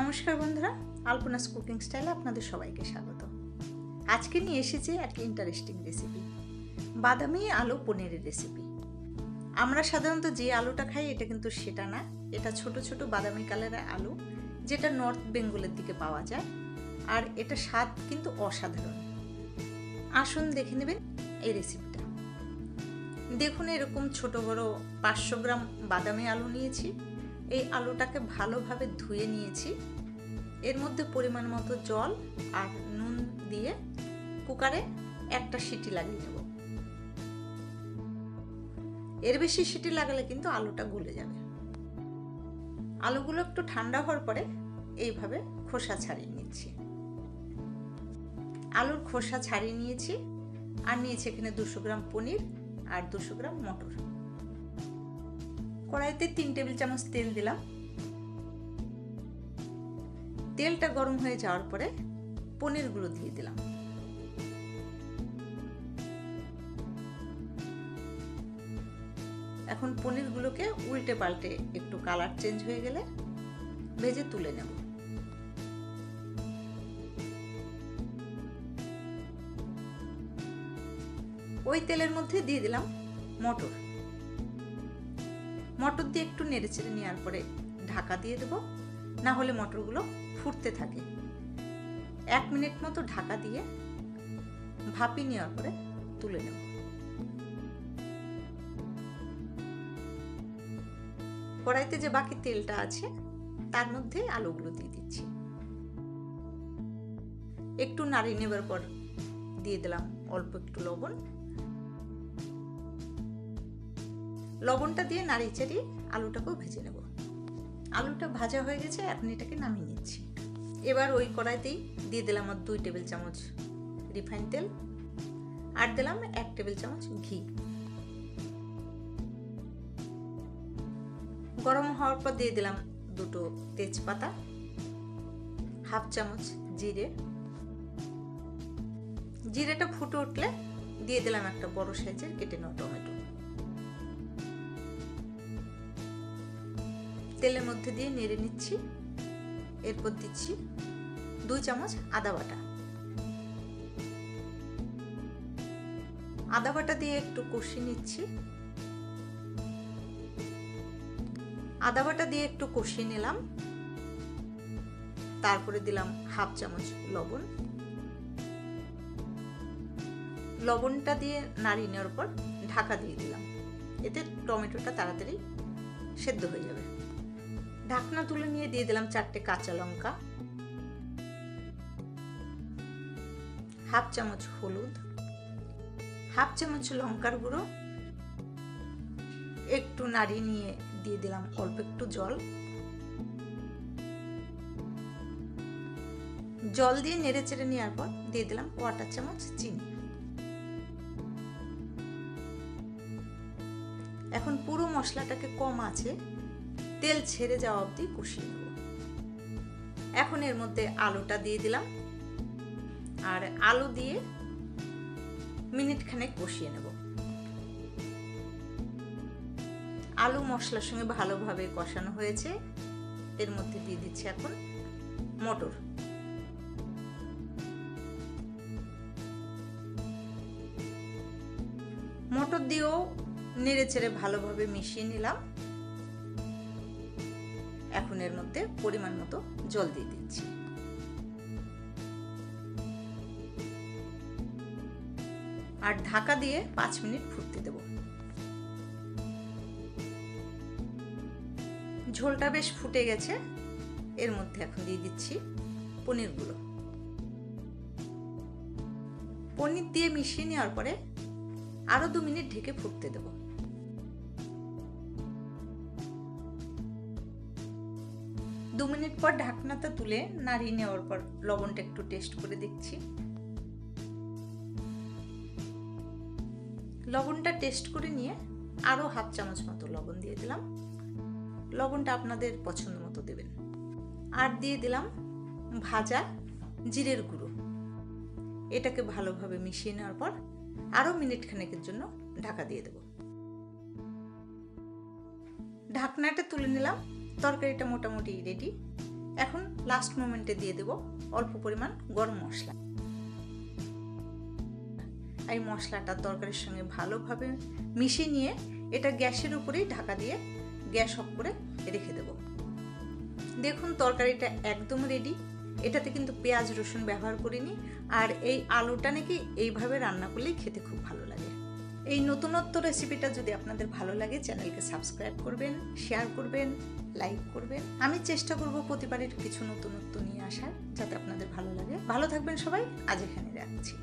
নমস্কার বন্ধুরা আলপনাস কুকিং স্টাইলে আপনাদের সবাইকে স্বাগত আজকে নিয়ে এসেছি একটা ইন্টারেস্টিং রেসিপি বাদামি আলু পনিরের রেসিপি আমরা সাধারণত যে আলুটা খাই এটা কিন্তু সেটা না এটা ছোট ছোট বাদামি কালারের আলু যেটা নর্থ বেঙ্গলের দিকে পাওয়া যায় আর এটা স্বাদ কিন্তু অসাধারণ আসুন দেখে নেবেন এই রেসিপিটা দেখুন এরকম ছোট বড় পাঁচশো গ্রাম বাদামি আলু নিয়েছি এই আলুটাকে ভালোভাবে ধুয়ে নিয়েছি এর মধ্যে পরিমাণ মতো জল আর নুন দিয়ে কুকারে একটা সিটি লাগিয়ে দেব এর বেশি সিটি লাগালে কিন্তু আলুটা গলে যাবে আলুগুলো একটু ঠান্ডা হওয়ার পরে এইভাবে খোসা ছাড়িয়ে নিচ্ছি আলুর খোসা ছাড়িয়ে নিয়েছি আর নিয়েছি এখানে দুশো গ্রাম পনির আর দুশো গ্রাম মটর কড়াইতে তিন টেবিল চামচ তেল দিলাম তেলটা গরম হয়ে যাওয়ার পরে পনিরগুলো দিয়ে দিলাম এখন পনিরগুলোকে উল্টে পাল্টে একটু কালার চেঞ্জ হয়ে গেলে ভেজে তুলে নেব ওই তেলের মধ্যে দিয়ে দিলাম মটর মটর দিয়ে একটু নেড়ে চেড়ে নেওয়ার পরে ঢাকা দিয়ে দেবো না হলে মটরগুলো ফুটতে থাকে এক মিনিট মতো ঢাকা দিয়ে ভাপি নেওয়ার পরে তুলে নেব কড়াইতে যে বাকি তেলটা আছে তার মধ্যে আলুগুলো দিয়ে দিচ্ছি একটু নাড়িয়ে নেবার পর দিয়ে দিলাম অল্প একটু লবণ লবণটা দিয়ে নাড়িয়ে চাড়িয়ে আলুটাকেও ভেজে নেব আলুটা ভাজা হয়ে গেছে এখন এটাকে নামিয়ে নিচ্ছি এবার ওই কড়াইতেই দিয়ে দিলাম আমার দুই টেবিল চামচ রিফাইন তেল আর দিলাম এক টেবিল চামচ ঘি গরম হওয়ার পর দিয়ে দিলাম দুটো তেজপাতা হাফ চামচ জিরে জিরেটা ফুটে উঠলে দিয়ে দিলাম একটা বড় সাইজের কেটে নেওয়া তেলের মধ্যে দিয়ে নেড়ে নিচ্ছি এরপর দিচ্ছি দুই চামচ আদা বাটা আদা বাটা দিয়ে একটু কষিয়ে নিচ্ছি আদা বাটা দিয়ে একটু কষিয়ে নিলাম তারপরে দিলাম হাফ চামচ লবণ লবণটা দিয়ে নাড়িয়ে নেওয়ার পর ঢাকা দিয়ে দিলাম এতে টমেটোটা তাড়াতাড়ি সেদ্ধ হয়ে যাবে ঢাকনা তুলে নিয়ে দিয়ে দিলাম চারটে কাঁচা লঙ্কা হাফ চামচ হলুদ হাফ চামচ লঙ্কার গুঁড়ো একটু নাড়ি নিয়ে দিয়ে দিলাম অল্প একটু জল জল দিয়ে নেড়ে চেড়ে নেওয়ার পর দিয়ে দিলাম কোয়াটার চামচ চিনি এখন পুরো মশলাটাকে কম আছে তেল ছেড়ে যাওয়া অব্দি কষিয়ে নেব এখন এর মধ্যে আলুটা দিয়ে দিলাম আর আলু দিয়ে মিনিট খানেক কষিয়ে নেব আলু মশলার সঙ্গে ভালোভাবে কষানো হয়েছে এর মধ্যে দিয়ে দিচ্ছি এখন মটর মটর দিয়েও নেড়ে চেড়ে ভালোভাবে মিশিয়ে নিলাম এখন মধ্যে পরিমাণ মতো জল দিয়ে দিচ্ছি আর ঢাকা দিয়ে পাঁচ মিনিট ফুটতে দেব ঝোলটা বেশ ফুটে গেছে এর মধ্যে এখন দিয়ে দিচ্ছি পনিরগুলো পনির দিয়ে মিশিয়ে নেওয়ার পরে আরো দু মিনিট ঢেকে ফুটতে দেবো দু মিনিট পর ঢাকনাটা তুলে নাড়িয়ে নেওয়ার পর লবণটা একটু টেস্ট করে দেখছি লবণটা টেস্ট করে নিয়ে আরও হাফ চামচ মতো লবণ দিয়ে দিলাম লবণটা আপনাদের পছন্দ মতো দেবেন আর দিয়ে দিলাম ভাজা জিরের গুঁড়ো এটাকে ভালোভাবে মিশিয়ে নেওয়ার পর আরও মিনিট খানেকের জন্য ঢাকা দিয়ে দেব ঢাকনাটা তুলে নিলাম তরকারিটা মোটামুটি রেডি এখন লাস্ট মোমেন্টে দিয়ে দেব অল্প পরিমাণ গরম মশলা এই মশলাটা তরকারির সঙ্গে ভালোভাবে মিশিয়ে নিয়ে এটা গ্যাসের উপরেই ঢাকা দিয়ে গ্যাস অফ করে রেখে দেব দেখুন তরকারিটা একদম রেডি এটাতে কিন্তু পেঁয়াজ রসুন ব্যবহার করিনি আর এই আলুটা নাকি এইভাবে রান্না করলেই খেতে খুব ভালো লাগে এই নতুনত্ব রেসিপিটা যদি আপনাদের ভালো লাগে চ্যানেলকে সাবস্ক্রাইব করবেন শেয়ার করবেন লাইক করবেন আমি চেষ্টা করব প্রতিবারের কিছু নতুনত্ব নিয়ে আসার যাতে আপনাদের ভালো লাগে ভালো থাকবেন সবাই আজ এখানে রাখছি